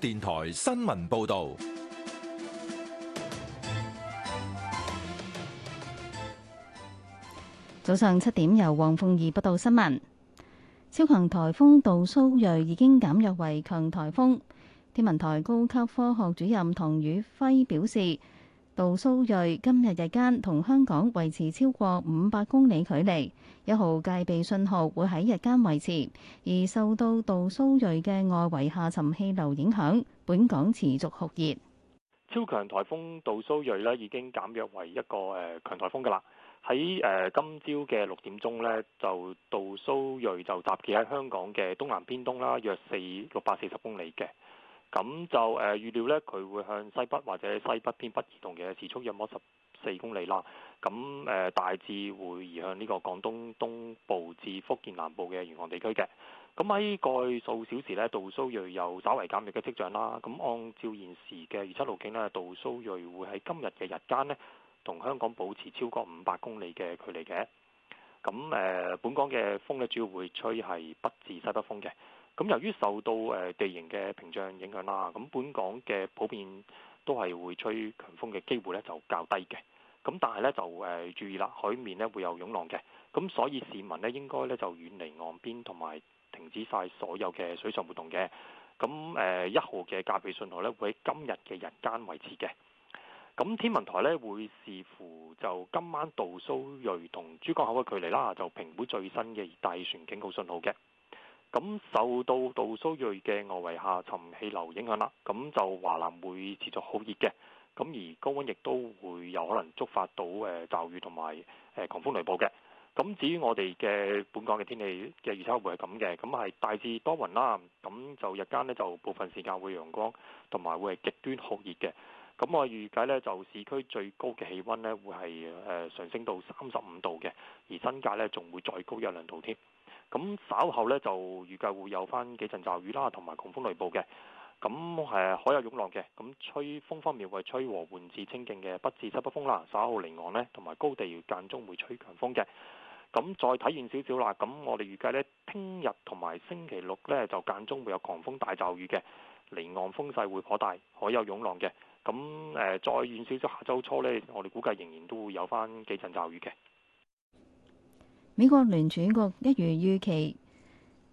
電台新聞報道：早上七點，由黃鳳儀報道新聞。超強台風杜蘇芮已經減弱為強台風。天文台高級科學主任唐宇輝表示。杜蘇芮今日日間同香港維持超過五百公里距離，一號戒備信號會喺日間維持，而受到杜蘇芮嘅外圍下沉氣流影響，本港持續酷熱。超強颱風杜蘇芮咧已經減弱為一個誒強颱風㗎啦，喺誒今朝嘅六點鐘呢就杜蘇芮就集結喺香港嘅東南偏東啦，約四六百四十公里嘅。咁就誒預料呢，佢會向西北或者西北偏北移動嘅，時速約摸十四公里啦。咁誒大致會移向呢個廣東東部至福建南部嘅沿岸地區嘅。咁喺過去數小時呢，杜蘇芮有稍為減弱嘅跡象啦。咁按照現時嘅預測路徑呢，杜蘇芮會喺今日嘅日間呢，同香港保持超過五百公里嘅距離嘅。咁誒、呃，本港嘅風呢，主要會吹係北至西北風嘅。咁由於受到誒地形嘅屏障影響啦，咁本港嘅普遍都係會吹強風嘅機會呢就較低嘅。咁但係呢就誒注意啦，海面呢會有湧浪嘅。咁所以市民呢應該呢就遠離岸邊同埋停止晒所有嘅水上活動嘅。咁誒一號嘅戒備信號呢會喺今日嘅日間維持嘅。咁天文台呢會視乎就今晚杜蘇芮同珠江口嘅距離啦，就評估最新嘅熱帶氣旋警告信號嘅。咁受到杜蘇芮嘅外圍下沉氣流影響啦，咁就華南會持續好熱嘅，咁而高溫亦都會有可能觸發到誒驟雨同埋誒狂風雷暴嘅。咁至於我哋嘅本港嘅天氣嘅預測會係咁嘅，咁係大致多雲啦，咁就日間咧就部分時間會陽光，同埋會係極端酷熱嘅。咁我預計咧就市區最高嘅氣溫咧會係誒上升到三十五度嘅，而新界咧仲會再高一兩度添。咁稍後呢，就預計會有翻幾陣驟雨啦，同埋狂風雷暴嘅。咁係海有湧浪嘅。咁吹風方面會吹和緩至清勁嘅北至西北風啦。稍後離岸呢，同埋高地間中會吹強風嘅。咁再睇遠少少啦。咁我哋預計呢，聽日同埋星期六呢，就間中會有狂風大驟雨嘅。離岸風勢會頗大，海有湧浪嘅。咁誒再遠少少，下周初呢，我哋估計仍然都會有翻幾陣驟雨嘅。美國聯儲局一如預期，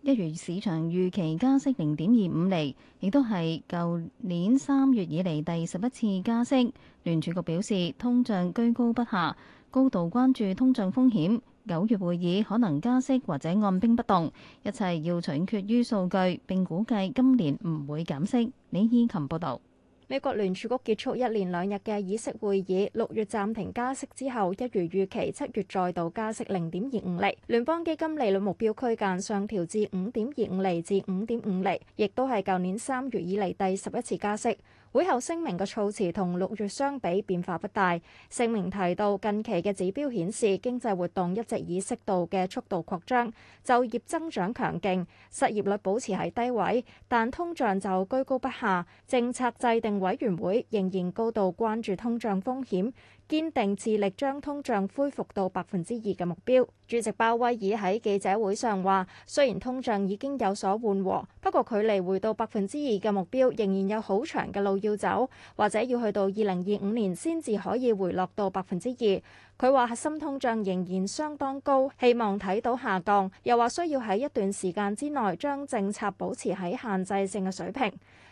一如市場預期加息零點二五厘，亦都係舊年三月以嚟第十一次加息。聯儲局表示，通脹居高不下，高度關注通脹風險。九月會議可能加息或者按兵不動，一切要取決於數據。並估計今年唔會減息。李依琴報道。美國聯儲局結束一連兩日嘅議息會議，六月暫停加息之後，一如預期，七月再度加息零點二五厘，聯邦基金利率目標區間上調至五點二五厘至五點五厘，亦都係舊年三月以嚟第十一次加息。會後聲明嘅措辭同六月相比變化不大。聲明提到，近期嘅指標顯示經濟活動一直以適度嘅速度擴張，就業增長強勁，失業率保持喺低位，但通脹就居高不下。政策制定委員會仍然高度關注通脹風險。堅定致力將通脹恢復到百分之二嘅目標。主席鮑威爾喺記者會上話：雖然通脹已經有所緩和，不過距離回到百分之二嘅目標仍然有好長嘅路要走，或者要去到二零二五年先至可以回落到百分之二。佢話核心通脹仍然相當高，希望睇到下降。又話需要喺一段時間之內將政策保持喺限制性嘅水平。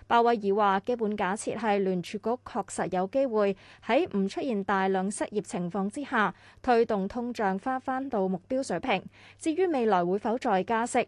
鮑威爾話基本假設係聯儲局確實有機會喺唔出現大量失業情況之下，推動通脹返返到目標水平。至於未來會否再加息？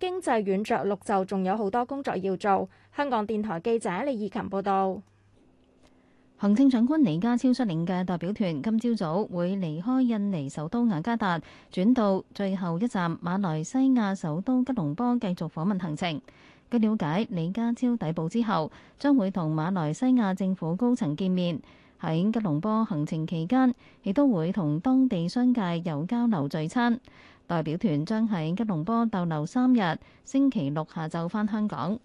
經濟軟着陸就仲有好多工作要做。香港電台記者李義琴報道，行政長官李家超率領嘅代表團今朝早會離開印尼首都雅加達，轉到最後一站馬來西亞首都吉隆坡繼續訪問行程。據了解，李家超抵埗之後，將會同馬來西亞政府高層見面。喺吉隆坡行程期間，亦都會同當地商界有交流聚餐。代表團將喺吉隆坡逗留三日，星期六下晝返香港。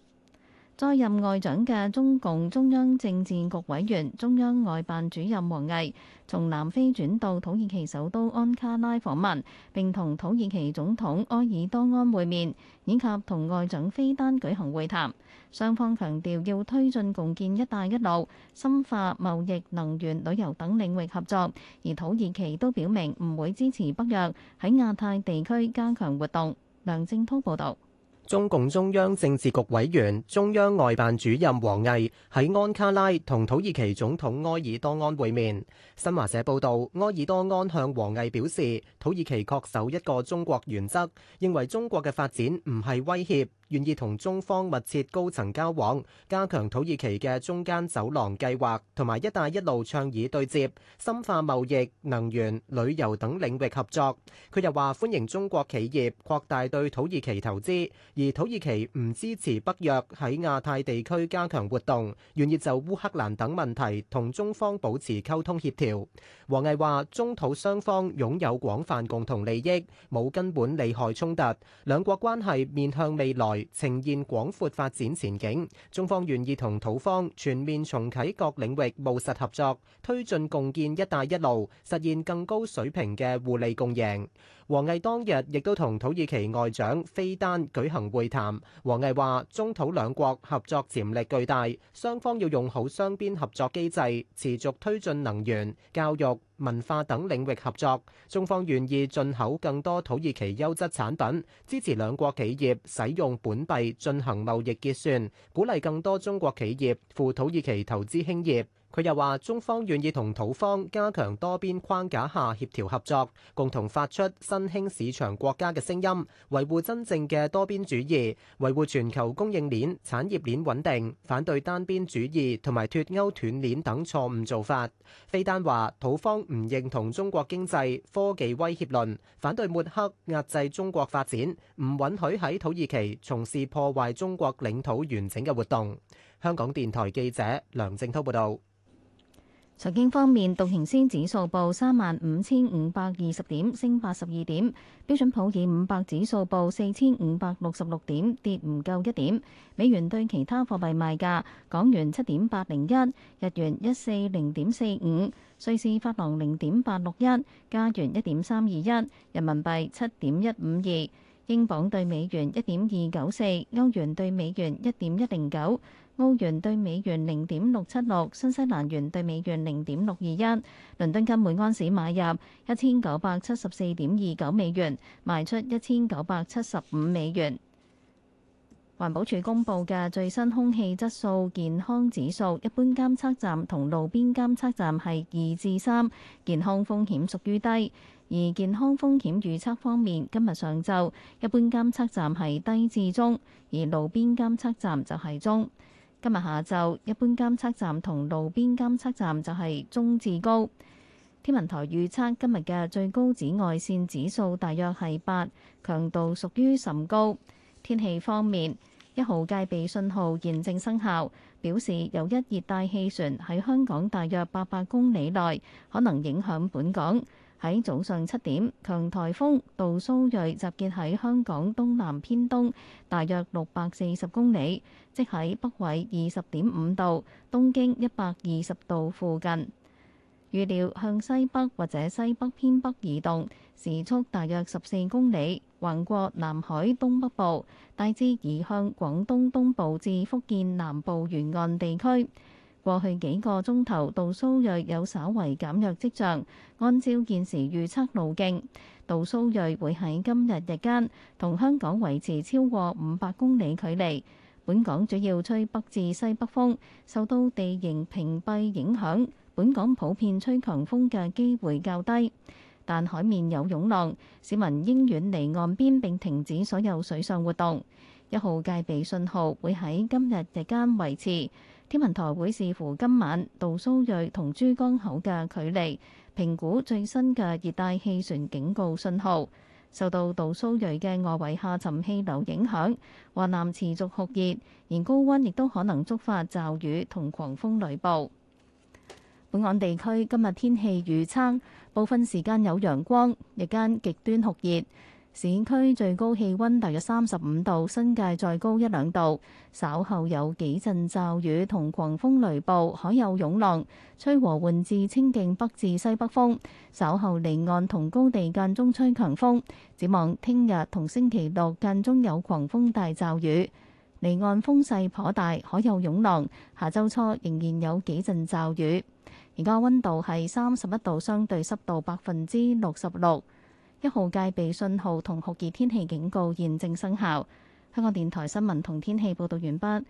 再任外長嘅中共中央政治局委員、中央外辦主任王毅，從南非轉到土耳其首都安卡拉訪問，並同土耳其總統埃爾多安會面，以及同外長菲丹舉行會談，雙方強調要推進共建「一帶一路」，深化貿易、能源、旅遊等領域合作。而土耳其都表明唔會支持北約喺亞太地區加強活動，梁正濤報道。中共中央政治局委員、中央外辦主任王毅喺安卡拉同土耳其總統埃爾多安會面。新華社報導，埃爾多安向王毅表示，土耳其確守一個中國原則，認為中國嘅發展唔係威脅。願意同中方密切高層交往，加強土耳其嘅中間走廊計劃同埋「一帶一路」倡議對接，深化貿易、能源、旅遊等領域合作。佢又話歡迎中國企業擴大對土耳其投資，而土耳其唔支持北約喺亞太地區加強活動，願意就烏克蘭等問題同中方保持溝通協調。王毅話，中土雙方擁有廣泛共同利益，冇根本利害衝突，兩國關係面向未來。呈現廣闊發展前景，中方願意同土方全面重啟各領域務實合作，推進共建「一帶一路」，實現更高水平嘅互利共贏。王毅當日亦都同土耳其外長菲丹舉行會談。王毅話：中土兩國合作潛力巨大，雙方要用好雙邊合作機制，持續推進能源、教育、文化等領域合作，中方願意進口更多土耳其優質產品，支持兩國企業使用本幣進行貿易結算，鼓勵更多中國企業赴土耳其投資興業。佢又話：中方願意同土方加強多邊框架下協調合作，共同發出新興市場國家嘅聲音，維護真正嘅多邊主義，維護全球供應鏈產業鏈穩定，反對單邊主義同埋脫歐斷鏈等錯誤做法。菲丹話：土方唔認同中國經濟科技威脅論，反對抹黑壓制中國發展，唔允許喺土耳其從事破壞中國領土完整嘅活動。香港電台記者梁正滔報道。財經方面，道瓊斯指數報三萬五千五百二十點，升八十二點；標準普爾五百指數報四千五百六十六點，跌唔夠一點。美元對其他貨幣賣價：港元七點八零一，日元一四零點四五，瑞士法郎零點八六一，加元一點三二一，人民幣七點一五二，英鎊對美元一點二九四，歐元對美元一點一零九。歐元兌美元零點六七六，新西蘭元兌美元零點六二一。倫敦金每安士買入一千九百七十四點二九美元，賣出一千九百七十五美元。環保署公布嘅最新空氣質素健康指數，一般監測站同路邊監測站係二至三，健康風險屬於低。而健康風險預測方面，今日上晝一般監測站係低至中，而路邊監測站就係中。今日下晝，一般監測站同路邊監測站就係中至高。天文台預測今日嘅最高紫外線指數大約係八，強度屬於甚高。天氣方面，一號戒備信號現正生效，表示有一熱帶氣旋喺香港大約八百公里內，可能影響本港。喺早上七點，強颱風杜蘇芮集結喺香港東南偏東，大約六百四十公里，即喺北緯二十點五度、東經一百二十度附近。預料向西北或者西北偏北移動，時速大約十四公里，橫過南海東北部，大致移向廣東東東部至福建南部沿岸地區。過去幾個鐘頭，杜蘇芮有稍為減弱跡象。按照現時預測路徑，杜蘇芮會喺今日日間同香港維持超過五百公里距離。本港主要吹北至西北風，受到地形屏蔽影響，本港普遍吹強風嘅機會較低。但海面有湧浪，市民應遠離岸邊並停止所有水上活動。一號戒備信號會喺今日日間維持。天文台會視乎今晚杜蘇芮同珠江口嘅距離，評估最新嘅熱帶氣旋警告信號。受到杜蘇芮嘅外圍下沉氣流影響，華南持續酷熱，而高温亦都可能觸發驟雨同狂風雷暴。本港地區今日天氣預測，部分時間有陽光，日間極端酷熱。市區最高氣温大約三十五度，新界再高一兩度。稍後有幾陣驟雨同狂風雷暴，海有湧浪。吹和緩至清勁北至西北風。稍後離岸同高地間中吹強風。展望聽日同星期六間中有狂風大驟雨，離岸風勢頗大，海有湧浪。下週初仍然有幾陣驟雨。而家温度係三十一度，相對濕度百分之六十六。一號戒備信號同酷熱天氣警告現正生效。香港電台新聞同天氣報道完畢。